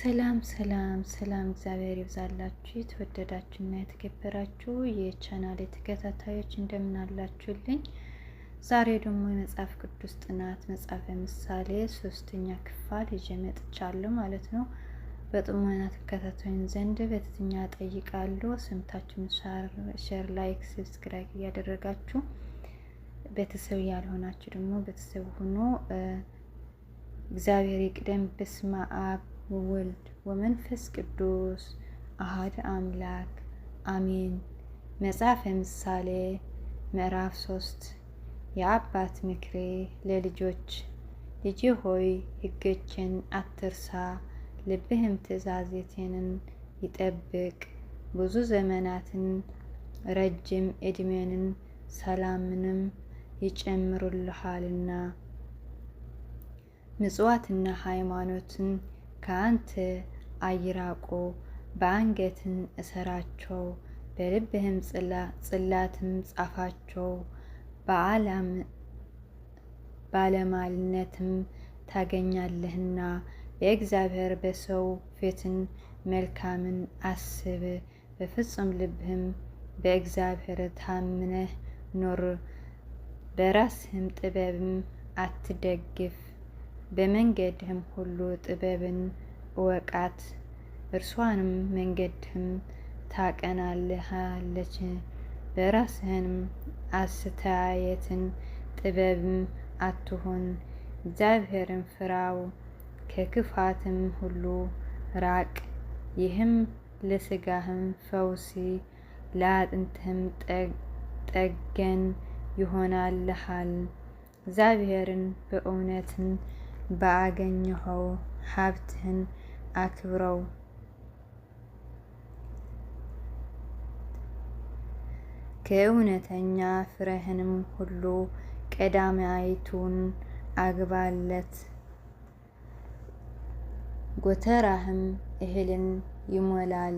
ሰላም ሰላም ሰላም፣ እግዚአብሔር ይብዛላችሁ። የተወደዳችሁና የተከበራችሁ የቻናል ተከታታዮች እንደምን አላችሁልኝ? ዛሬ ደግሞ የመጽሐፍ ቅዱስ ጥናት መጽሐፈ ምሳሌ ሶስተኛ ክፍል ይዤ መጥቻለሁ ማለት ነው። በጥሞና ተከታታዩን ዘንድ በትህትና እጠይቃለሁ። ስምታችሁን ሸር ላይክ፣ ሰብስክራይብ እያደረጋችሁ ቤተሰብ ያልሆናችሁ ደግሞ ቤተሰብ ሆኖ እግዚአብሔር ይቅደም። በስመ አብ ወወልድ ወመንፈስ ቅዱስ አሃድ አምላክ አሜን። መጽሐፈ ምሳሌ ምዕራፍ ሶስት የአባት ምክሬ ለልጆች ልጅ ሆይ ሕጎቼን አትርሳ፣ ልብህም ትእዛዜቴንን ይጠብቅ። ብዙ ዘመናትን ረጅም ዕድሜንን ሰላምንም ይጨምሩልሃልና ምጽዋትና ሃይማኖትን ከአንተ አይራቁ በአንገትን እሰራቸው በልብህም ጽላትም ጻፋቸው ባለማልነትም ታገኛለህና። በእግዚአብሔር በሰው ፊትን መልካምን አስብ፣ በፍጹም ልብህም በእግዚአብሔር ታምነህ ኖር፣ በራስህም ጥበብም አትደግፍ። በመንገድህም ሁሉ ጥበብን እወቃት፣ እርሷንም መንገድህም ታቀናልሃለች። በራስህንም አስተያየትን ጥበብም አትሆን እግዚአብሔርን ፍራው፣ ከክፋትም ሁሉ ራቅ። ይህም ለስጋህም ፈውሲ ለአጥንትህም ጠገን ይሆናልሃል። እግዚአብሔርን በእውነትን በአገኘኸው ሀብትህን አክብረው። ከእውነተኛ ፍሬህንም ሁሉ ቀዳማይቱን አግባለት። ጎተራህም እህልን ይሞላል።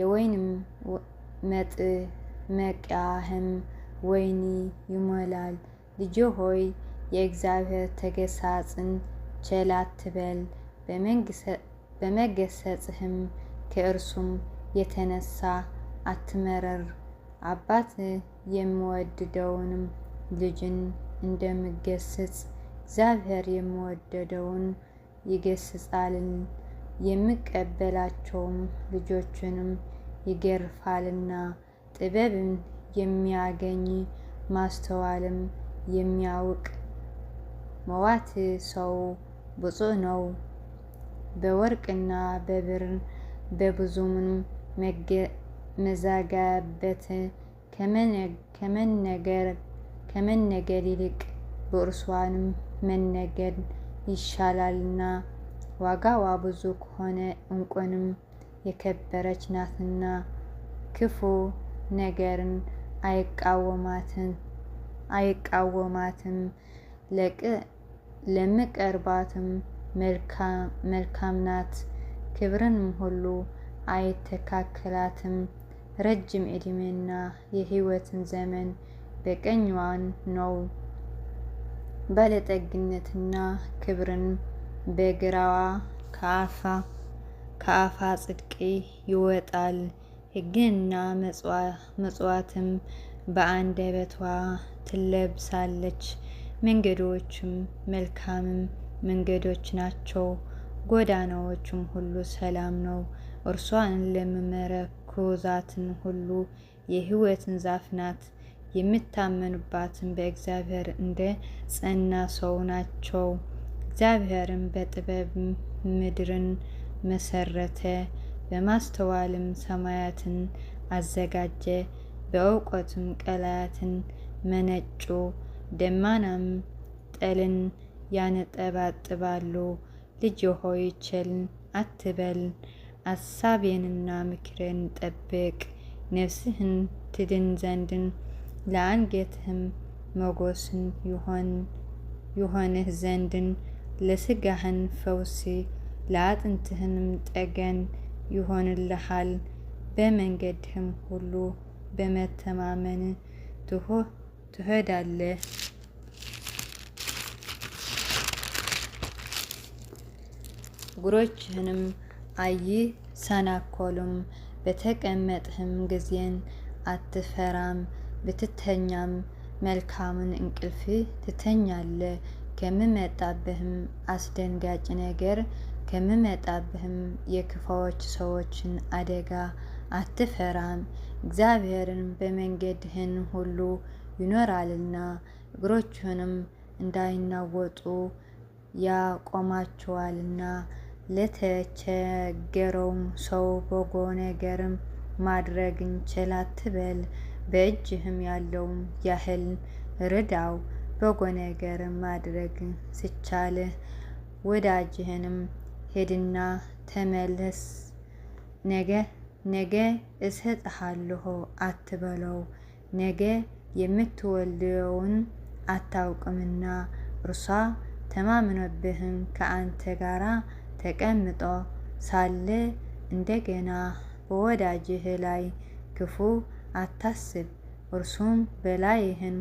የወይንም መቅያህም ወይኒ ይሞላል። ልጅ ሆይ የእግዚአብሔር ተገሳጽን ቸላ አትበል፣ በመገሰጽህም ከእርሱም የተነሳ አትመረር። አባት የምወድደውንም ልጅን እንደምገስጽ እግዚአብሔር የምወደደውን ይገስጻልን የሚቀበላቸውም ልጆችንም ይገርፋልና። ጥበብን የሚያገኝ ማስተዋልም የሚያውቅ መዋት ሰው ብፁዕ ነው። በወርቅና በብር በብዙምን መዛጋበት ከመነገድ ይልቅ በእርሷን መነገድ ይሻላልና ዋጋዋ ብዙ ከሆነ እንቁንም የከበረች ናትና ክፉ ነገርን አይቃወማትም። ለምቀርባትም መልካም ናት። ክብርንም ሁሉ አይተካከላትም። ረጅም ዕድሜና የህይወትን ዘመን በቀኝዋን ነው። ባለጠግነትና ክብርን በግራዋ ከአፋ ጽድቅ ይወጣል። ሕግንና በአንድ በአንደበቷ ትለብሳለች። መንገዶችም መልካምም መንገዶች ናቸው። ጎዳናዎቹም ሁሉ ሰላም ነው። እርሷን ለምመረኮዛትን ሁሉ የህይወትን ዛፍ ናት። የሚታመኑባትን በእግዚአብሔር እንደ ጸና ሰው ናቸው። እግዚአብሔርም በጥበብ ምድርን መሰረተ፣ በማስተዋልም ሰማያትን አዘጋጀ፣ በእውቀትም ቀላያትን መነጩ። ደመናም ጠልን ያነጠባጥባሉ። ልጅ ሆይ ቸልን አትበል፣ አሳቤንና ምክርን ጠብቅ። ነፍስህን ትድን ዘንድን ለአንገትህም ሞገስን ይሆንህ ዘንድን ለስጋህን ፈውስ ለአጥንትህንም ጠገን ይሆንልሃል። በመንገድህም ሁሉ በመተማመን ትሄዳለህ። አይ አይሰናኮሉም። በተቀመጥህም ጊዜን አትፈራም። ብትተኛም መልካምን እንቅልፍ ትተኛለ። ከምመጣብህም አስደንጋጭ ነገር ከምመጣብህም የክፋዎች ሰዎችን አደጋ አትፈራም። እግዚአብሔርን በመንገድህን ሁሉ ይኖራልና እግሮችህንም እንዳይናወጡ ያቆማቸዋልና። ለተቸገረውም ሰው በጎ ነገርም ማድረግ ቸል አትበል፣ በእጅህም ያለውን ያህል ርዳው። በጎ ነገርም ማድረግ ስቻልህ ወዳጅህንም ሄድና ተመለስ፣ ነገ ነገ እሰጥሃለሁ አትበለው፣ ነገ የምትወልደውን አታውቅምና እርሷ ተማምኖብህም ከአንተ ጋራ ተቀምጦ ሳለ እንደገና በወዳጅህ ላይ ክፉ አታስብ፣ እርሱም በላይህን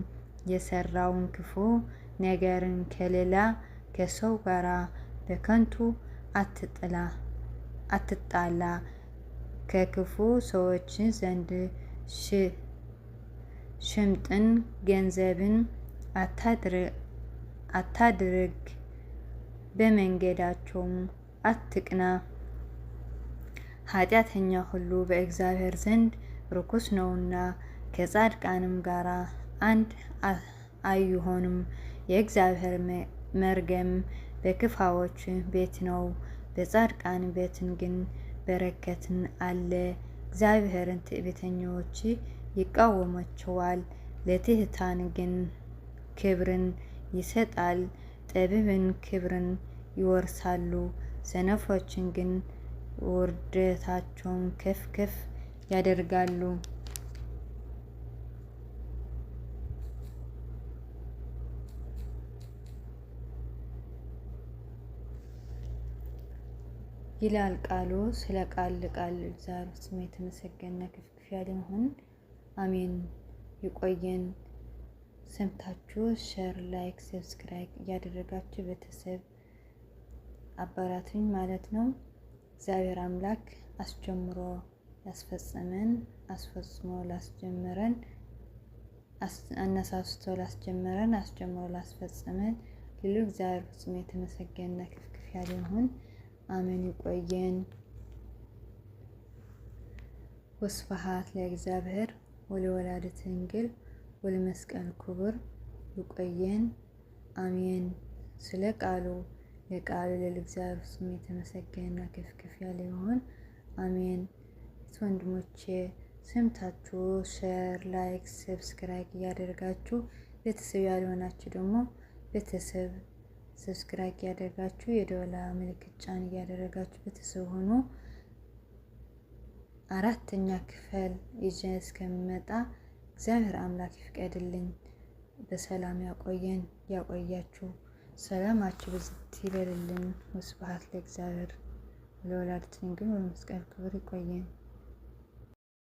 የሰራውን ክፉ ነገርን ከሌላ ከሰው ጋር በከንቱ አትጣላ፣ ከክፉ ሰዎች ዘንድ ሽምጥን ገንዘብን አታድርግ፣ በመንገዳቸውም አትቅና። ኃጢአተኛ ሁሉ በእግዚአብሔር ዘንድ ርኩስ ነውና ከጻድቃንም ጋር አንድ አይሆንም። የእግዚአብሔር መርገም በክፋዎች ቤት ነው፣ በጻድቃን ቤትን ግን በረከትን አለ። እግዚአብሔርን ትዕቢተኞች ይቃወማቸዋል፣ ለትህታን ግን ክብርን ይሰጣል። ጠቢባን ክብርን ይወርሳሉ። ሰነፎችን ግን ውርደታቸውን ከፍ ከፍ ያደርጋሉ። ይላል ቃሉ። ስለ ቃል ቃል ዛር ስም የተመሰገነ ክፍክፍ ያለ መሆን አሜን። ይቆየን። ሰምታችሁ ሸር፣ ላይክ፣ ሰብስክራይብ እያደረጋችሁ ቤተሰብ አበራቱኝ ማለት ነው። እግዚአብሔር አምላክ አስጀምሮ ያስፈጸመን አስፈጽሞ ላስጀመረን አነሳስቶ ላስጀመረን አስጀምሮ ላስፈጸመን ልሉ እግዚአብሔር ፍጹም የተመሰገነ ክፍክፍ ያለ ይሁን። አሜን። ይቆየን። ወስብሐት ለእግዚአብሔር ወለወላዲተ ድንግል ወለመስቀል ክቡር። ይቆየን። አሜን። ስለ ቃሉ የቃሉ ለእግዚአብሔር ስም የተመሰገነና ከፍ ከፍ ያለ ይሁን። አሜን። ወንድሞቼ ሰምታችሁ ሼር፣ ላይክ፣ ሰብስክራይብ እያደረጋችሁ ቤተሰብ ያልሆናችሁ ደግሞ ቤተሰብ ሰብስክራይብ እያደረጋችሁ የደወላ ምልክት ጫን እያደረጋችሁ ቤተሰብ ሆኖ አራተኛ ክፍል ይዤ እስከሚመጣ እግዚአብሔር አምላክ ይፍቀድልኝ። በሰላም ያቆየን ያቆያችሁ። ሰላማችሁ ብዝት ይበልልን። ወስብሐት ለእግዚአብሔር ወለወላዲቱ ድንግል ወለመስቀሉ ክቡር። ይቆየን።